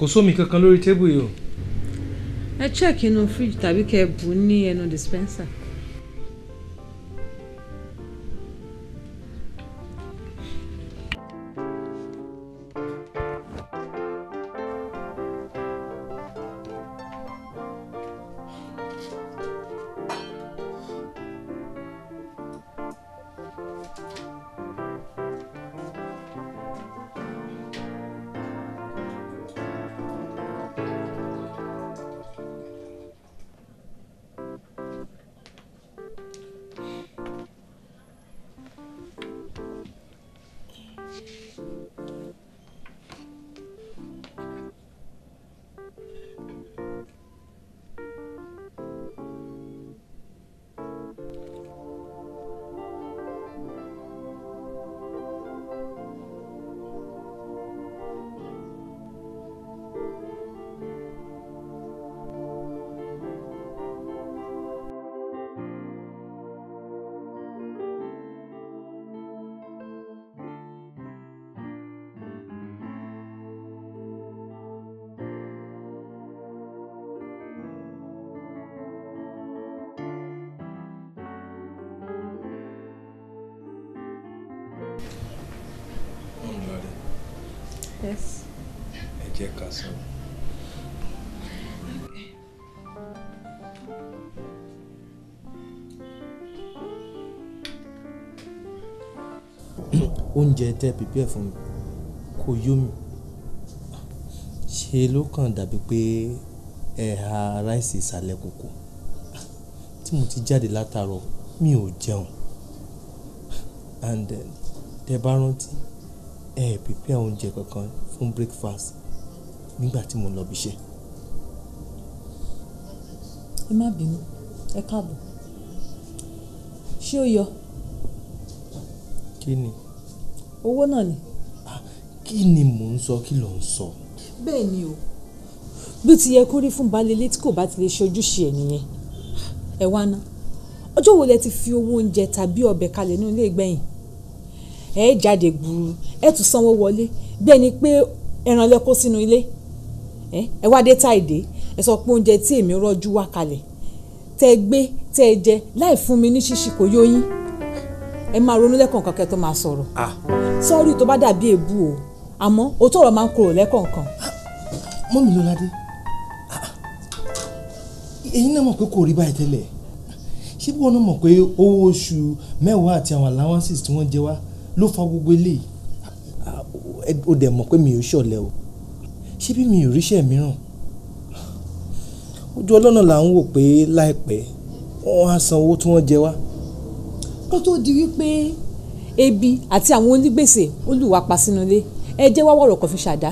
kò sómi kankan lórí tébù yìí o. ẹ check inú fridge tàbí kẹ́ ẹ bù ú ní ẹnu dispenser. jẹ́ ká sọ̀rọ̀. oúnjẹ tẹ́ pípẹ́ fún mi kò yó mi ṣe ló kàn dàbí pé ẹ̀ha ráìsì ìsàlẹ̀ kòkó tí mo ti jáde látàárọ̀ mi ò jẹun and tẹ́ bá rántí ẹ pípẹ́ oúnjẹ kankan fún breakfast nígbà tí mo lọ bí iṣẹ́. ẹ má bínú ẹ káàbọ̀ ṣé ó yọ. kí ni. owó náà ni. Ah, kí ni mò ń sọ kí ló ń sọ. bẹ́ẹ̀ ni o bí ti yẹ kó rí fún baálé ilé tí kò bá ti lè ṣe ojúṣe ẹ̀ nìyẹn ẹ wá ná ọjọ́ wo lẹ ti fi owó oúnjẹ tàbí ọbẹ̀ kalẹ̀ nínú ilé ìgbẹ̀yìn ẹ jáde gbùrù ẹ tún sanwó wọlé bẹ́ẹ̀ ni pé ẹran lẹ kó sínú ilé Eh, ẹ wá dé táìdé ẹ sọ pé oúnjẹ tí èmi rọ́jú wá kalẹ̀ tẹ ẹ gbé tẹ ẹ jẹ láì fún mi ní ṣíṣí kò yó yín ẹ máa ronú lẹ́kọ̀ọ̀kan kẹ́ tó máa sọ̀rọ̀ ah. sọ́ọ́rì tó bá dàbí èébú o àmọ́ òótọ́ ọ̀rọ̀ máa ń korò lẹ́kọ̀ọ̀kan. mọ́mí lọ́ládé èyí ah, náà mọ̀ pé kò rí báyìí tẹ́lẹ̀ ṣé bí wọn náà mọ̀ pé owó oṣù mẹ́wàá àti àwọn allowances tí wọ́n jẹ wá ló fa gbogbo eléyìí ó ah, dẹ̀ mọ̀ pé mi ò ṣọ̀lẹ o ṣé mi ò ríṣẹ́ mìíràn ojú ọlọ́nà là ń wò pé láìpẹ́ wọ́n á san owó tí wọ́n jẹ wá. kó tó di wípé ebi àti àwọn onígbèsè olùwàpá sínú ilé ẹ jẹ́ wá wọ̀rọ̀ kan fi ṣàdá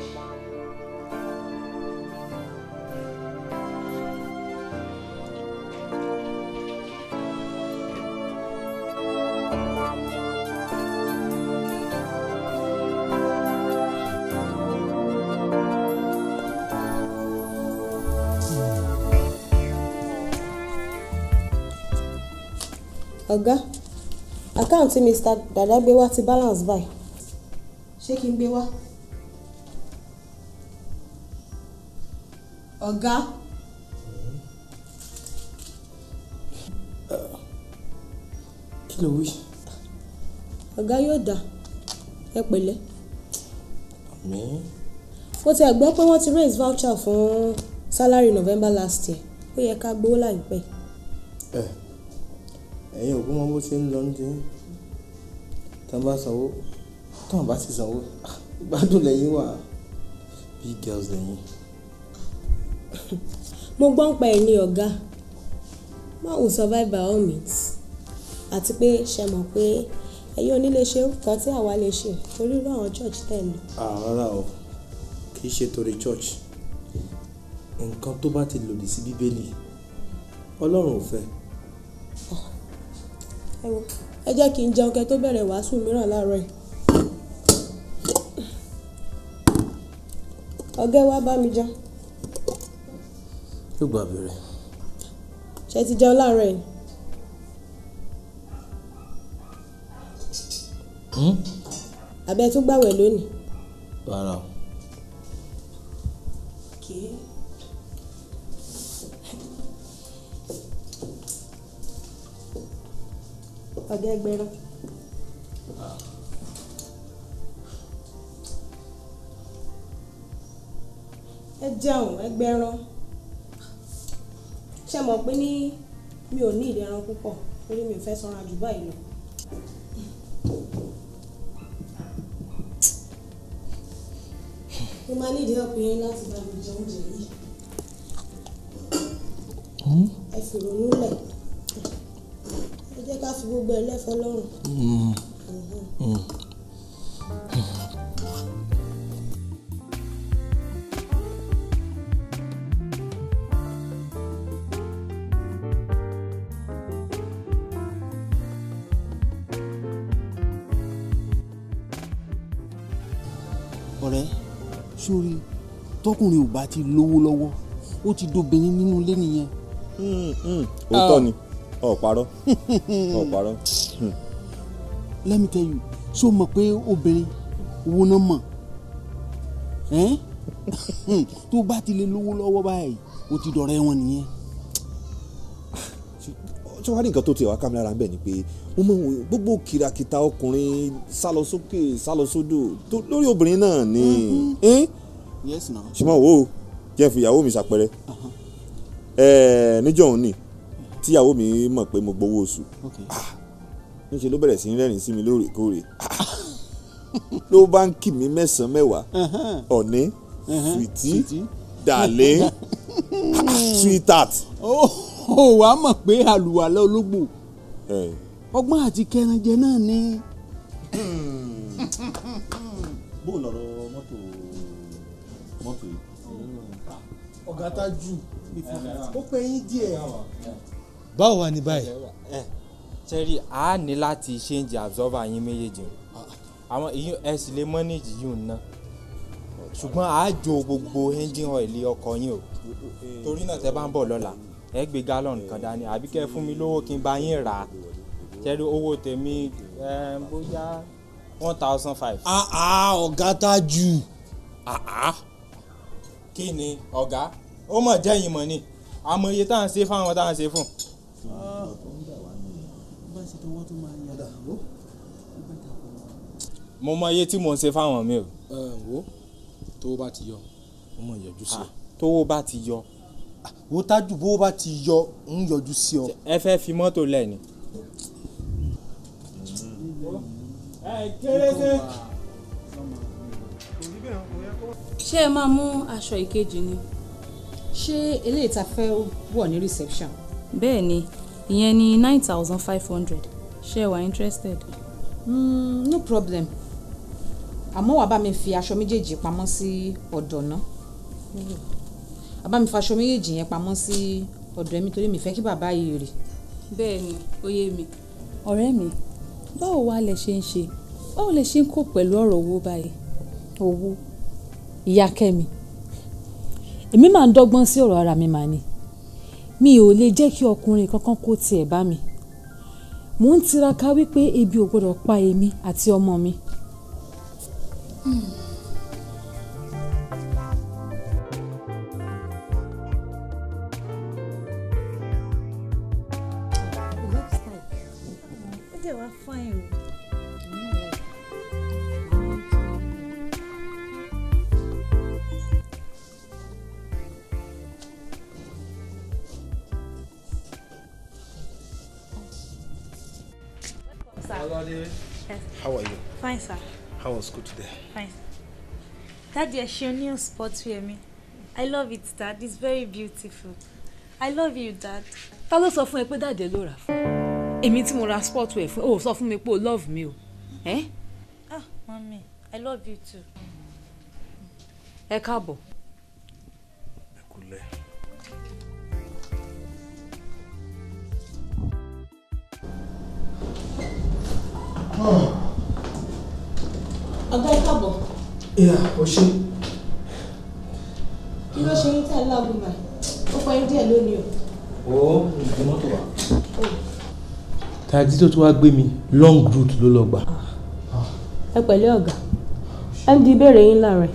ọ̀gá àkáǹtì mr dàdá gbé wá ti balance báyìí ṣé kí n gbé wá. ọ̀gá. kí ló wí. ọ̀gá yóò dà ẹ pẹ̀lẹ́. àmín. mo ti gbọ́ pé wọ́n ti raise voucher fún salary november last year ó yẹ ká gbowó láìpẹ́. ẹ ẹ̀yin ò gbọ́mọ bó ṣe ń lọ ní ti tí wọ́n bá sanwó tí bá sì sanwó gbádùn lẹ́yìn wà big girls lẹ́yìn mo gbọ́ ń pa ẹ̀ ní ọ̀gá man will survive by all means àti pé ṣe mọ̀ pé ẹ̀yin onílé ṣe nǹkan tí àwa lè ṣe torí irú àwọn church tẹ̀ lọ. àárá o kì í ṣe torí church nǹkan tó bá ti lòdì sí bíbélì ọlọ́run ò fẹ́. ẹ wo ẹ jẹ́ kí n jẹun kẹ́ tó bẹ̀rẹ̀ wàásù mìíràn láàárọ̀ yìí. ọ̀gá ẹ bá mi jẹun yóò gba abẹ́rẹ́. ṣé ti jẹun láàárọ̀ yìí. àbẹ hmm? tún gbàwẹ̀ lónìí. rárá o. ọ̀gá ẹgbẹ̀rún. ẹ jẹun ẹgbẹ̀rún ṣe mọ̀ pé ní mi ò ní ìdẹran púpọ̀ torí mi ò fẹ́ sanra jù báyìí lọ. mo máa ní ìdí ọkùnrin láti bá mi jẹ oúnjẹ yìí hmm? ẹ fi ronú lẹ̀ ẹ jẹ́ ká fi gbogbo ẹ lẹ́fọ́ lọ́rùn. Hmm. ọ̀rẹ́ sórí tọkùnrin ò bá ti lówó lọ́wọ́ ó ti dobìnrin nínú ilé nìyẹn. Hmm, hmm. Ah. òótọ́ ni ọ̀ parọ́ ọ̀ parọ́. Hmm. let me tell you So mọ̀ pé obìnrin wo náà mọ̀ tó bá ti lè lówó lọ́wọ́ báyìí ó ti dọ̀rẹ́ wọn nìyẹn. ṣé wàá ní nǹkan tó tiẹ̀ wá kámi lára ń bẹ̀ ni pé ó mọ̀ wọ́n gbogbo kìràkìtà ọkùnrin sálọ sókè sálọ sódò lórí obìnrin náà ni mm-hmm. ṣùgbọ́n wo jẹ́ fi ìyàwó mi ṣàpẹrẹ uh-huh. níjọ́ òun ni tíyàwó mi mọ̀ pé mo gbowó oṣù ah, níṣẹ́ ló bẹ̀rẹ̀ sí í rẹ́rìn sí mi lóòrèkóòrè ló bá ń kì mí mẹ́sàn-án mẹ́wàá ọ̀ní fìtí dàlẹ́ sweetheart. ó oh, oh, wàá mọ̀ pé àlùwàlá ológbò ọgbọ́n àti kẹranjẹ náà ni. bó lọ̀rọ̀ mọ́tò mọ́tò yìí. ọ̀gá tá jù ó pẹ́ yín díẹ̀. báwo wà ní báyìí. sẹ́rí a ní láti ṣéǹjì absorber yín méjèèjì àwọn èyí ẹ sì lè mọ́nèjì yìí ná ṣùgbọ́n a jò gbogbo engine oil ọkọ̀ yín o torí náà tẹ́ bá ń bọ̀ lọ́la ẹ gbé gálọ̀nù kan dání àbí fún mi lówó kí n bá yín rà á ṣẹ́rí owó tèmi eh, bóyá one thousand five. Ah, ah, ọ̀gá tá jù. Ah, kí ni ọ̀gá ó mọ̀ jẹ́yìn mọ̀ ni àmọ́ iye tá à ń ṣe fáwọn tá à ń ṣe fún. mo mọ iye tí mo ń ṣe fáwọn mi o. Eh, wo tó bá ti yọ mo mọ ìyọjú sí i. tó bá ti yọ. wo tájú bó bá ti yọ ń yọjú sí ọ. ẹ fẹ́ fi mọ́tò lẹ̀ ni. kérésì. ṣé ẹ máa mú aṣọ ìkejì ni. ṣé eléyìí ta fẹ́ wọ̀ ní reception. bẹ́ẹ̀ ni ìyẹn ni nine thousand five hundred ṣé ẹ wà interested. Mm, no problem àmọ́ wàá bá mi fi aṣọ méjèèjì pamọ́ sí ọ̀dọ̀ náà àbá mi faṣọ méjèèjì yẹn pamọ́ sí ọ̀dọ̀ ẹ̀mí torí mi fẹ́ kí bàbá yìí rè. bẹ́ẹ̀ ni ó yé mi ọ̀rẹ́ mi báwo wá lẹ ṣe ń ṣe báwo lẹ ṣe ń kó pẹ̀lú ọ̀rọ̀ owó báyìí owó ìyá kẹ́mi èmi máa ń dọ́gbọ́n sí ọ̀rọ̀ ara mi mà ni mi ò lè jẹ́ kí ọkùnrin kankan kó tiẹ̀ bá mi mò ń tiraka wípé ebi ò gbọdọ̀ pa èmi àti ọmọ mi. Hmm. dẹ̀ Adere. Yes. How are you? Fine, sir. How was school today? Fine. Daddy, ẹ ṣe new sport wear mi. I love it, Dad. It's very beautiful. I love you, Dad. Ta ló sọ fún ẹ pé dáàdì ẹ ló rà fún? Èmi tí mo ra sport wear fún ẹ, sọ fún mi pé o love me o. Eh? Ah, Mami, I love you too. Ẹ káàbọ̀. Ẹ kúlẹ̀. ìyá ò ṣe. kí ló ṣe yín tẹ̀ láàbù mà ó fọ yín díẹ̀ lónìí o. ó ìdí mọ́tò wa. tàdí tó tún wá gbé mi long route ló lọ gbà. ẹ pẹ̀lẹ́ ọ̀gá md béèrè yín láàrẹ̀.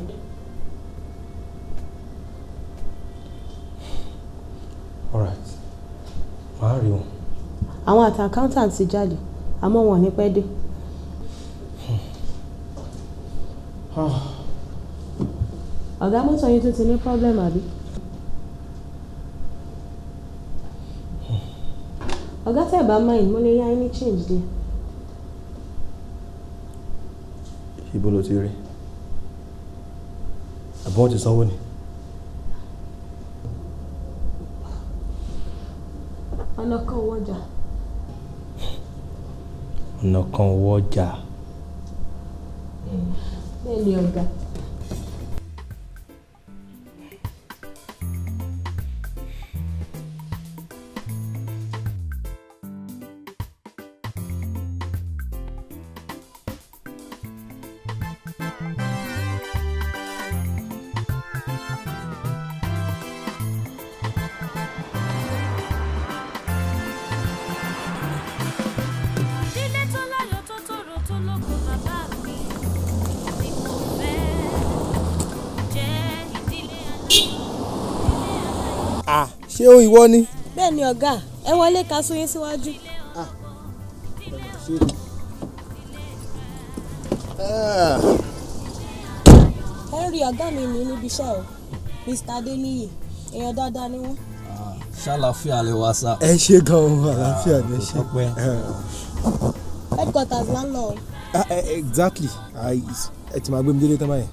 alright màá rí wọn. àwọn àti accountant ti jáde àmọ́ wọn ò ní pẹ́ dé. Oh ọ̀gá mọ́tò yín tún ti ní problem àbí. ọ̀gá tẹ̀ bá mind mo lè yá ní change díẹ̀. ibo ló ti rí àbí wọ́n ti sanwó ni. ọ̀nà kan owó ọjà. ọ̀nà kan owó ọjà. bẹ́ẹ̀ ni ọ̀gá. o ìwọ ni. bẹ́ẹ̀ ni ọ̀gá ẹ wọlé ka sún yín síwájú. Ah. ẹ rí ọ̀gá mi ní níbi iṣẹ́ o Mr. Adeniyi èèyàn dáadáa ni wọ́n. Ah, ṣàlàfíà lè wá sá. ẹ ṣe gan-an ah, àlàáfíà ni ṣe. headquarters landlord. Eh, exactly ẹ ti máa gbé mi délé tán báyìí.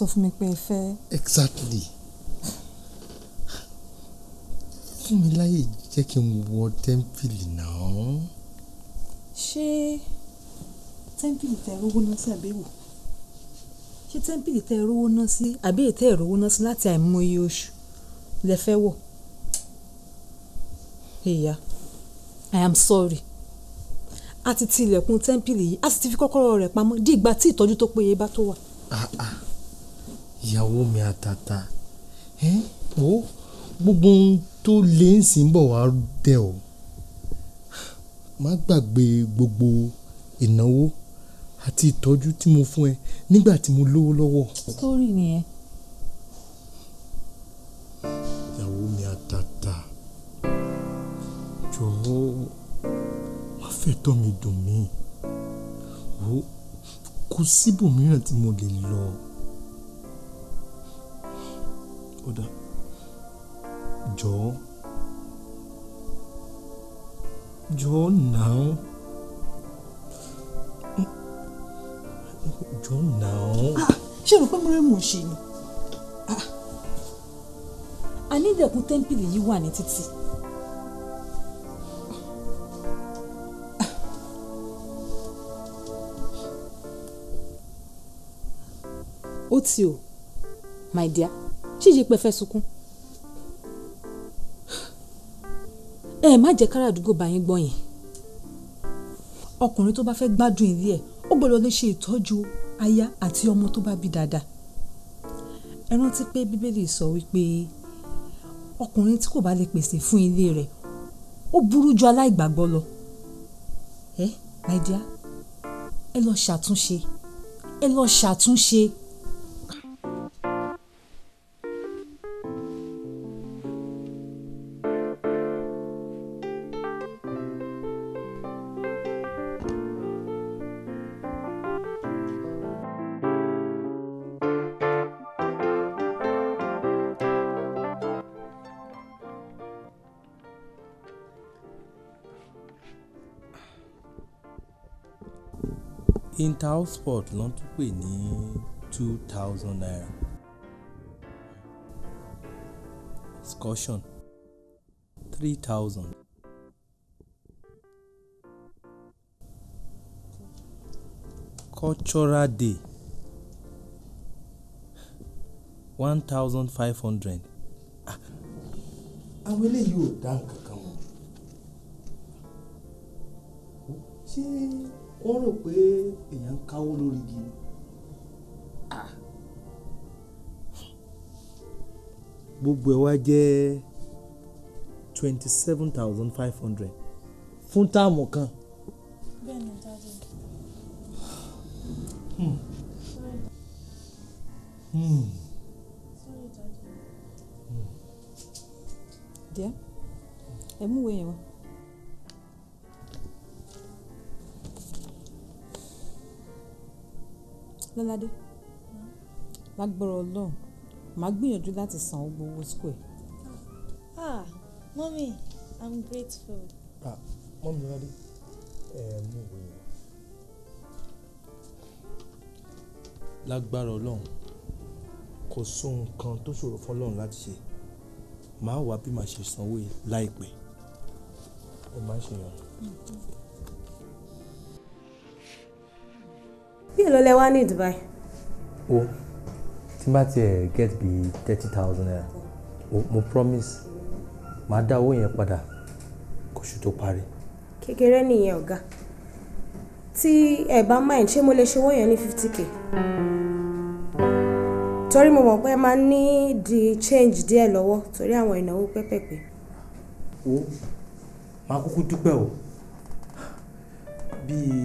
sọ fún mi pé ẹ fẹ́. exactly fún mi láyè jẹ́ kí n wọ tẹ́ḿpìlì náà. ṣé tẹ́ḿpìlì tẹ rówó náà sí àbẹ̀wò ṣé tẹ́ḿpìlì tẹ rówó náà sí àbí ètẹ́ ìrówó náà sí láti àìmọye oṣù lẹ fẹ́ wọ̀. ìyá i am sorry a ti ti ilẹ̀kùn tẹ́ḿpìlì yìí a sì ti fi kọ́kọ́rọ́ rẹ̀ pamọ́ di ìgbà tí ìtọ́jú tó péye bá tó wà. ah ah ìyàwó mi àtàtà ẹ wo gbogbo ohun tó lé ń sìn bọ̀ wá dẹ̀ o má gbàgbé gbogbo ìnáwó àti ìtọ́jú tí mo fún ẹ nígbà tí mo lówó lọ́wọ́. sítórì nìyẹn. ìyàwó mi àtàtà jọ̀wọ́ má fẹ́ tọ́ mi dùn mí o kò síbòmíràn tí mo lè lọ kódà jọ̀ọ́ jọ̀ọ́ now jọ̀ọ́ now. Ah, ṣé o rò pé mo rẹ́ mò ń ṣe ni ànídẹ̀kùn ah, tẹ́ḿpìlì yìí wà ní títì. Ah. ó ti o my dear ṣíjìpẹ̀ fẹ́ sunkún ẹ má jẹ́ kára àdúgbò bá yín gbọ́ yẹn ọkùnrin tó bá fẹ́ gbádùn ilé ẹ̀ ó gbọ́dọ̀ lè ṣe ìtọ́jú aya àti ọmọ tó bá bí dáadáa ẹ rántí pé bíbélì sọ wípé ọkùnrin tí kò bá lè pèsè fún ilé rẹ̀ ó burú ju aláìgbàgbọ́ lọ ẹ my dear ẹ lọ ṣàtúnṣe ẹ lọ ṣàtúnṣe. inter-house sport ló tún pè ní two thousand naira excursion three thousand. cultural day one thousand five hundred. Ah, àwọn eléyìí ò dá èèyàn ń káwó lórí igi ni ah. gbogbo ẹ̀ wá jẹ́ twenty seven thousand five hundred fún táàmù kan. bẹ́ẹ̀ ni Hmm. Sorry, Daddy. Hmm. Dear, hmm. ẹ mú wẹ̀yẹ̀ wá. Lọ́ládé, lágbára Ọlọ́run, màá gbìyànjú láti san gbogbo owó school Ah, mommy, I'm grateful. Ah, mommy Lọ́ládé, ẹ mú ìwé yẹn. Lágbára Ọlọ́run, kò sóhun kan tó ṣòro fọ́lọ́run láti ṣe. Màá wá bí màá ṣe sanwó yẹn láìpẹ́. Ẹ má ṣe yàn. Mm-hmm. bí èlò lẹ wá ní Dubai. o tí n bá tiẹ̀ get bi thirty thousand naira mo promise màá dá owó yẹn padà kóṣù tó parí. kékeré nìyẹn ọ̀gá tí ẹ bá mind ṣé mo lè ṣe owó yẹn ní fifty k torí mo mọ̀ pé máa ń ní di change díẹ̀ lọ́wọ́ torí àwọn ìnáwó pẹ́pẹ́pẹ́. o máa kúkú dúpẹ́ o. bí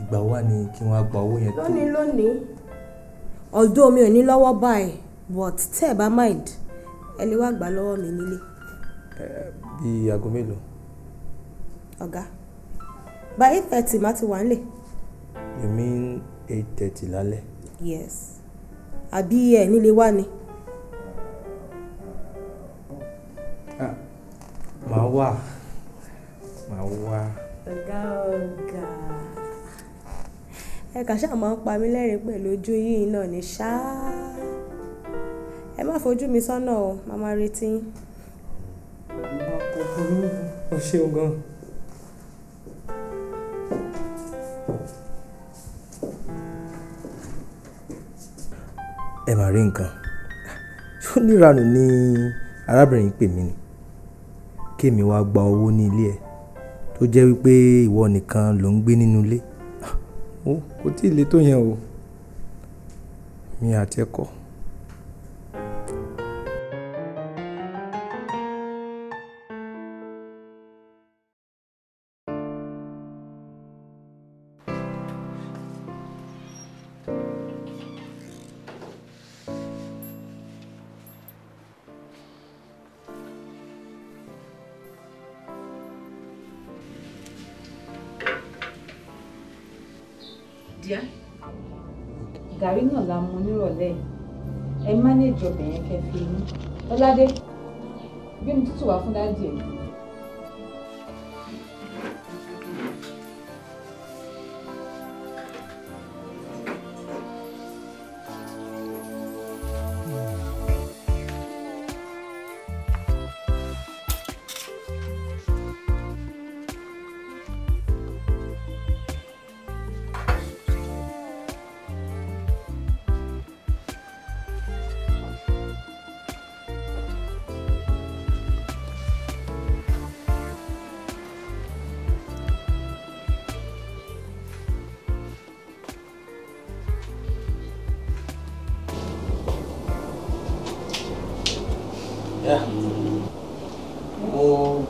ìgbà wà ní kí wọn á gba owó yẹn tó. lónìí lónìí ọdún omi ò ní lọ́wọ́ báyìí but tẹ́ ẹ̀ bá mind ẹ lè wá gbà lọ́wọ́ mi nílé. bí aago mélòó. ọ̀gá by eight thirty má ti wà nílé. you mean eight thirty lálẹ́. yes àbí ẹ nílé wá ni. Ah, màá wà màá wà. Ọ̀gá ọ̀gá. Ẹ kàn ṣá máa ń pa mí lẹ́rìn-ín pẹ̀lú ojú yín náà ni ṣá. Ẹ má fojú mi sọ́nà o, màá máa retí yín. ṣeun gan. Ẹ máa rí nǹkan. ó ní ni arábìnrin pè mí ni? Kí èmi wá gba owó ní ilé ẹ̀ tó jẹ́ wípé ìwọ nìkan ló ń gbé nínú ilé. Ó kò tí ì le tó yẹn o. Mi àti ẹ kọ́. díá. gàrí náà la mú nírọ̀lẹ́ ẹ mánéèjì ọbẹ̀ yẹn kẹfì yín ọládé gbé mi tútù wá fún dáàdì ẹ̀.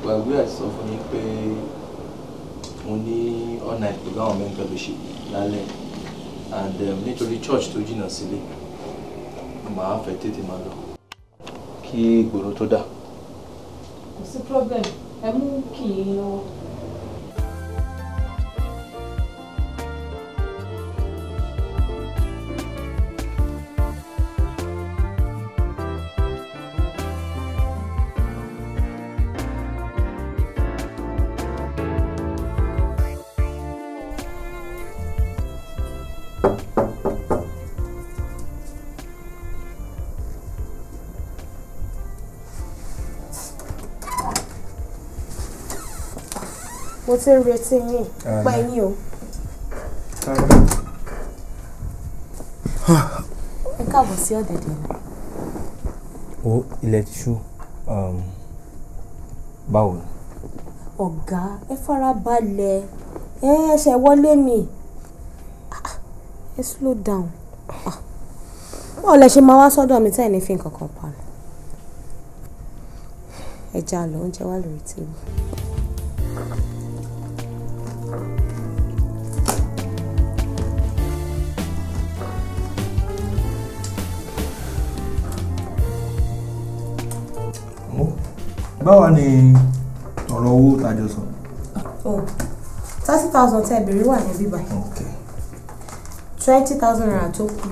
gbàgbé àìsọ fún yín pé mo ní ọ̀nà ìpẹ̀lú àwọn mẹ́ńtọ́ ló ṣe lálẹ́ and um, nítorí church tó jìnnà sílé màá fẹ́ tètè máa lọ. kí ìgboro tó dà. kò sí problem ẹ mú kì í lọ́wọ́. ti ń retí yín pẹ́ yín o. ẹ káàbọ̀ sí ọ̀dẹ̀dẹ̀ náà. o ilẹ̀ ti ṣú um, báwo ni. ọ̀gá ẹ fara balẹ̀ ẹ ṣe wọlé mi ẹ slow down báwo lẹ ṣe máa wá sọ́dọ̀ mi tẹ́ ẹ̀ ní fi nǹkan kan pa ẹ já lọ oúnjẹ wà lórí tèmi. báwa ni ọ̀rọ̀ owó tàjọ sọ. thirty thousand tẹ́ bèrè wà ní bíbá twenty thousand naira tó kù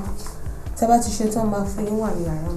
tẹ́ bá ti ṣe tán máa fún wà ní yàrá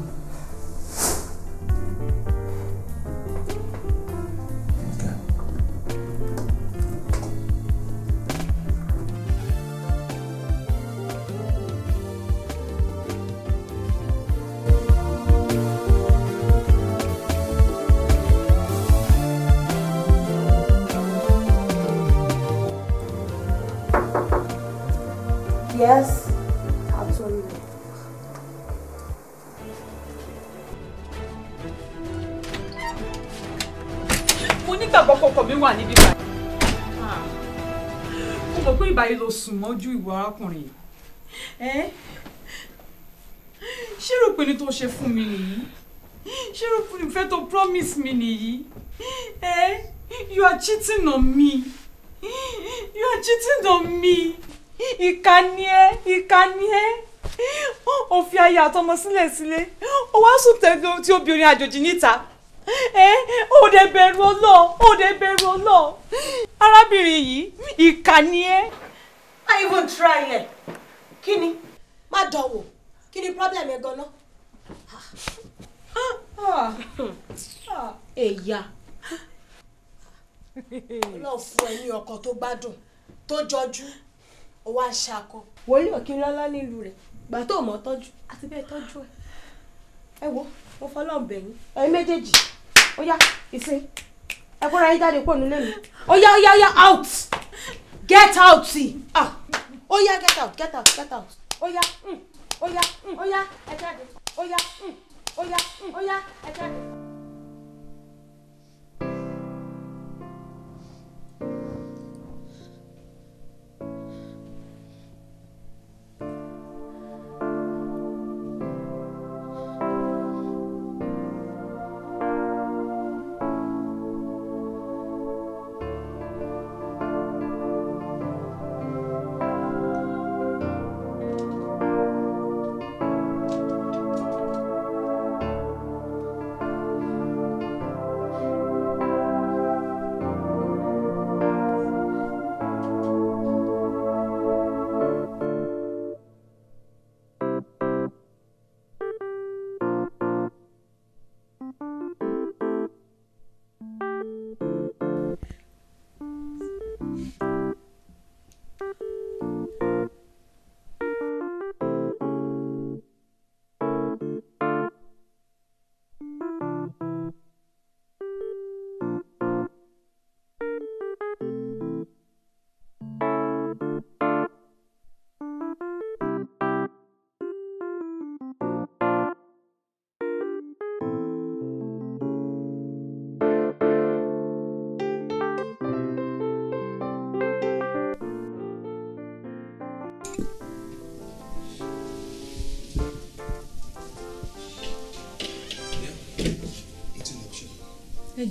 báyìí ló sùn mọ́jú ìwà arákùnrin yìí. ṣé rò pé ní tó ṣe fún mi nìyí ṣé rò pé ní fẹ́ tó promise mi nìyí you are cheating on me you are cheating on me ìkà ni ẹ́ ìkà ni ẹ́ ó fi aya àtọmọ sílẹ̀ sílẹ̀ ó wá sùn tẹ̀lé ohun tí obìnrin àjòjì níta ó dẹ̀ bẹ̀rù ọlọ́ọ̀ ó dẹ̀ bẹ̀rù ọlọ́ọ̀ arábìnrin yìí ìkà ni ẹ́ not even trying. Kí ni? Má dánwò. Kí ni problem ẹ gan-an? Ẹ̀yà. Ọlọ́run fún ẹ ní ọkọ tó gbádùn tó jọjú ó wá ń ṣakọ. Wòlíì ọ̀kín lọ́lá nílùú rẹ̀ gbà tó mọ̀ tọ́jú àti bẹ́ẹ̀ tọ́jú ẹ̀. Ẹ wo, mo fọlọ́ọ̀ bẹ̀yìn. Ẹ̀yin méjèèjì, ó yá ìsìn. Ẹ kóra yín jáde kúrò nílé mi. Ó yá Oh yeah, yeah, yeah, out get out ah ó oh, yá get out get out get out ó yá ó yá ó yá ẹ jáde ó yá ó yá ó yá ẹ jáde.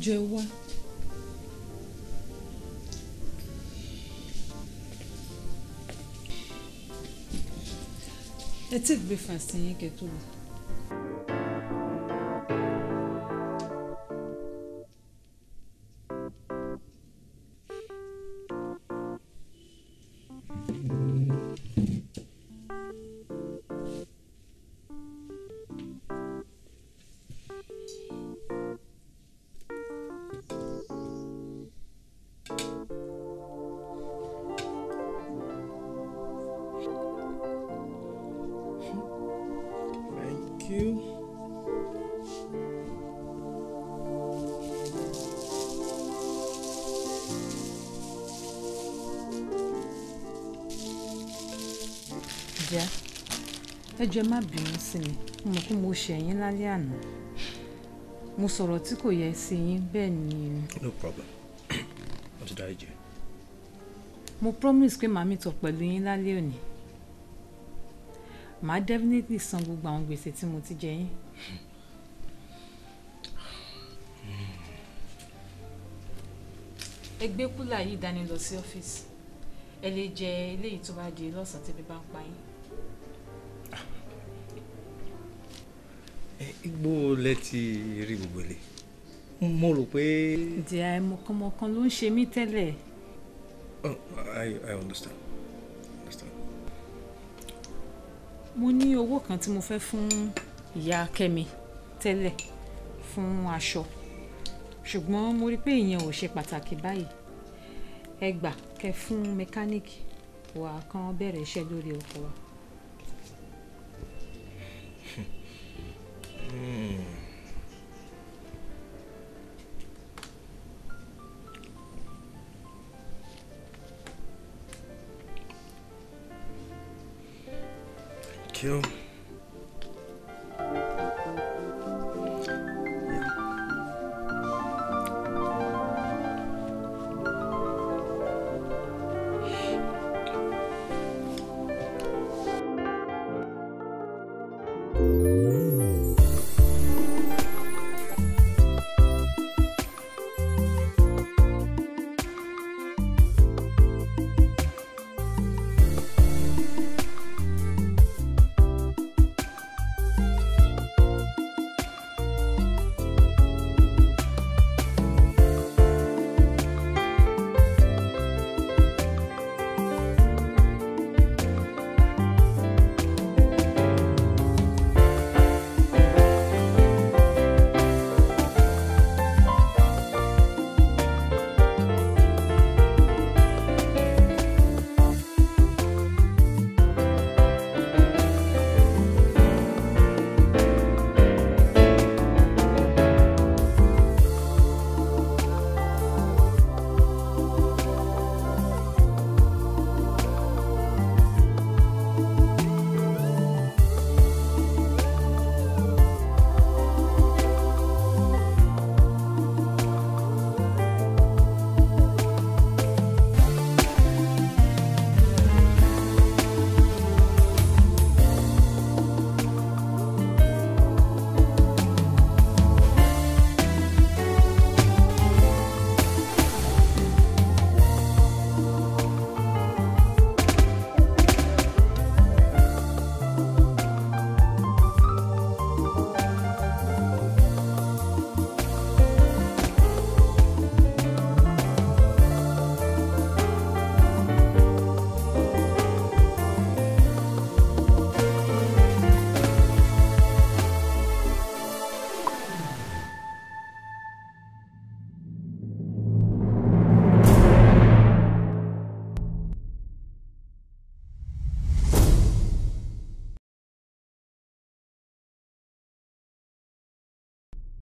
jọ ẹ wá. ẹ tí gbé fàṣẹyìn kẹtù lọ. ìyá ẹ jọ̀ọ́ má bínú sí mi mo mọ̀ pé mo ṣe ẹ̀yìn lálẹ́ àná mo sọ̀rọ̀ tí kò yẹ sí yín bẹ́ẹ̀ ni. no problem mo ti dárí jẹ. mo promise pé màá mi tọ̀ pẹ̀lú yín lálẹ́ òní màá definitely san gbogbo àwọn gbèsè tí mo ti jẹ yín. ẹ gbé kúlà yìí dání lọ sí ọ́fíìsì ẹ lè jẹ eléyìí tó bá di lọ́sàn-án tẹ́bí bá ń pa yín. igbó lẹ ti rí gbogbo ilé mo rò pé. ǹjẹ́ àìmọ̀kànmọ̀kan ló ń ṣe mí tẹ́lẹ̀. oh i i understand understand. mo ní owó kan tí mo fẹ́ fún ìyá kẹ́mi tẹ́lẹ̀ fún aṣọ ṣùgbọ́n mo rí pé ìyẹn ò ṣe pàtàkì báyìí ẹ gbà kẹ́ fún mẹkáníìkì wà kàn bẹ̀rẹ̀ iṣẹ́ lórí ọkọ̀ wa. kill.